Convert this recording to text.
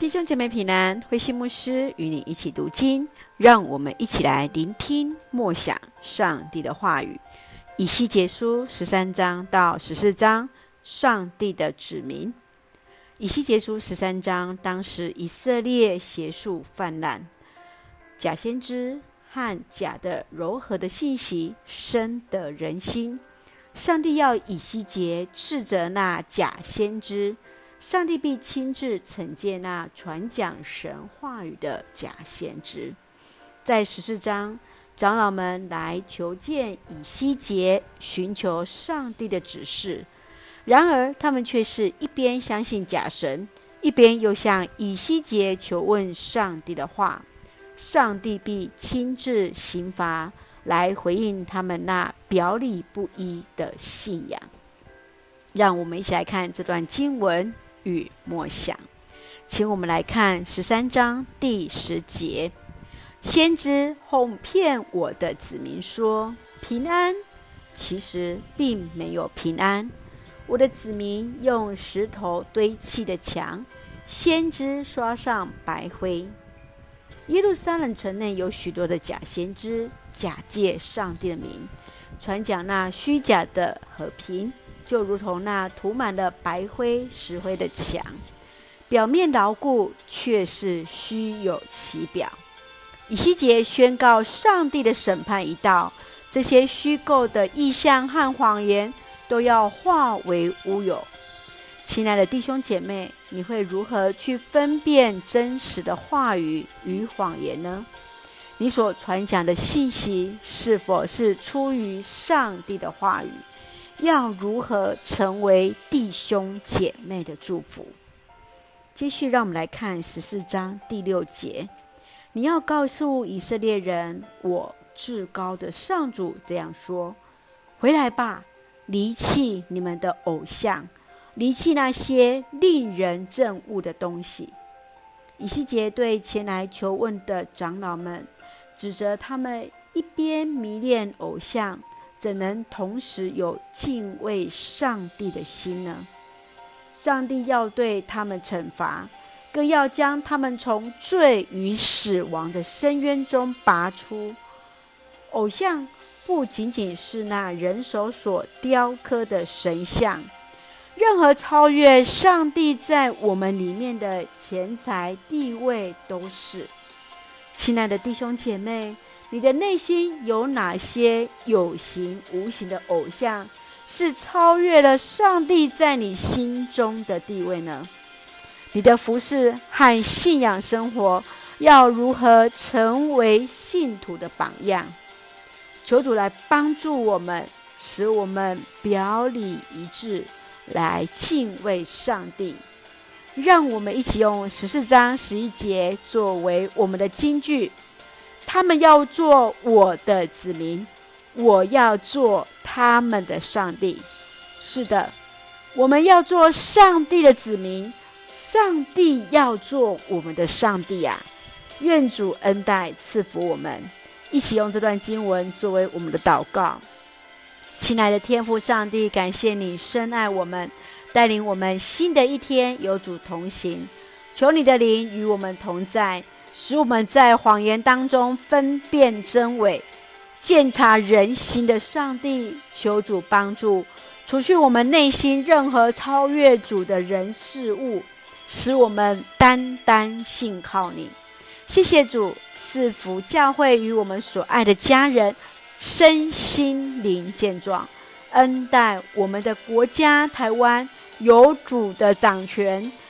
弟兄姐妹，平安！慧馨牧師與你一起讀經，讓我們一起來聆聽默想上帝的話語。以西結書十三章到十四章，上帝的子民。以西結書十三章，當時以色列邪術泛濫，假先知和假的柔和的信息深得人心。上帝要以西結斥責那假先知。上帝必親自懲戒那傳講神話語的假先知。在十四章，長老們來求見以西結，尋求上帝的指示。然而，他們卻是一邊相信假神，一邊又向以西結求問上帝的話。上帝必親自刑罰，來回應他們那表裡不一的信仰。讓我們一起來看這段經文。與默想，請我們來看十三章第十節：先知哄騙我的子民說平安，其實並沒有平安。我的子民用石頭堆砌的牆，先知刷上白灰。耶路撒冷城內有許多的假先知，假借上帝的名，傳講那虛假的和平。就如同那塗滿了白灰、石灰的牆，表面牢固，卻是虛有其表。以西結宣告，上帝的審判一到，這些虛構的異象和謊言都要化為烏有。親愛的弟兄姐妹，你會如何去分辨真實的話語與謊言呢？你所傳講的信息是否是出於上帝的話語？要如何成為弟兄姐妹的祝福？接續，讓我們來看十四章第六節。你要告訴以色列人，我至高的上主這樣說：“回來吧，離棄你們的偶像，離棄那些令人憎惡的東西。”以西結對前來求問的長老們指責他們一邊迷戀偶像。怎能同時有敬畏上帝的心呢？上帝要對他們懲罰，更要將他們從罪與死亡的深淵中拔出。偶像不僅僅是那人手所雕刻的神像，任何超越上帝在我們裡面的錢財地位都是。親愛的弟兄姐妹。你的內心有哪些有形無形的偶像，是超越了上帝在你心中的地位呢？你的服事和信仰生活要如何成為信徒的榜樣？求主來幫助我們，使我們表裡一致，來敬畏上帝。讓我們一起用十四章十一節作為我們的金句。他們要做我的子民，我要做他們的上帝。是的，我們要做上帝的子民，上帝要做我們的上帝啊！願主恩待賜福我們，一起用這段經文作為我們的禱告。親愛的天父上帝，感謝你深愛我們，帶領我們新的一天有主同行，求你的靈與我們同在。使我們在謊言當中分辨真偽，鑒察人心的上帝，求主幫助，除去我們內心任何超越主的人事物，使我們單單信靠你。謝謝主賜福教會與我們所愛的家人，身心靈健壯，恩待我們的國家台灣有主的掌權，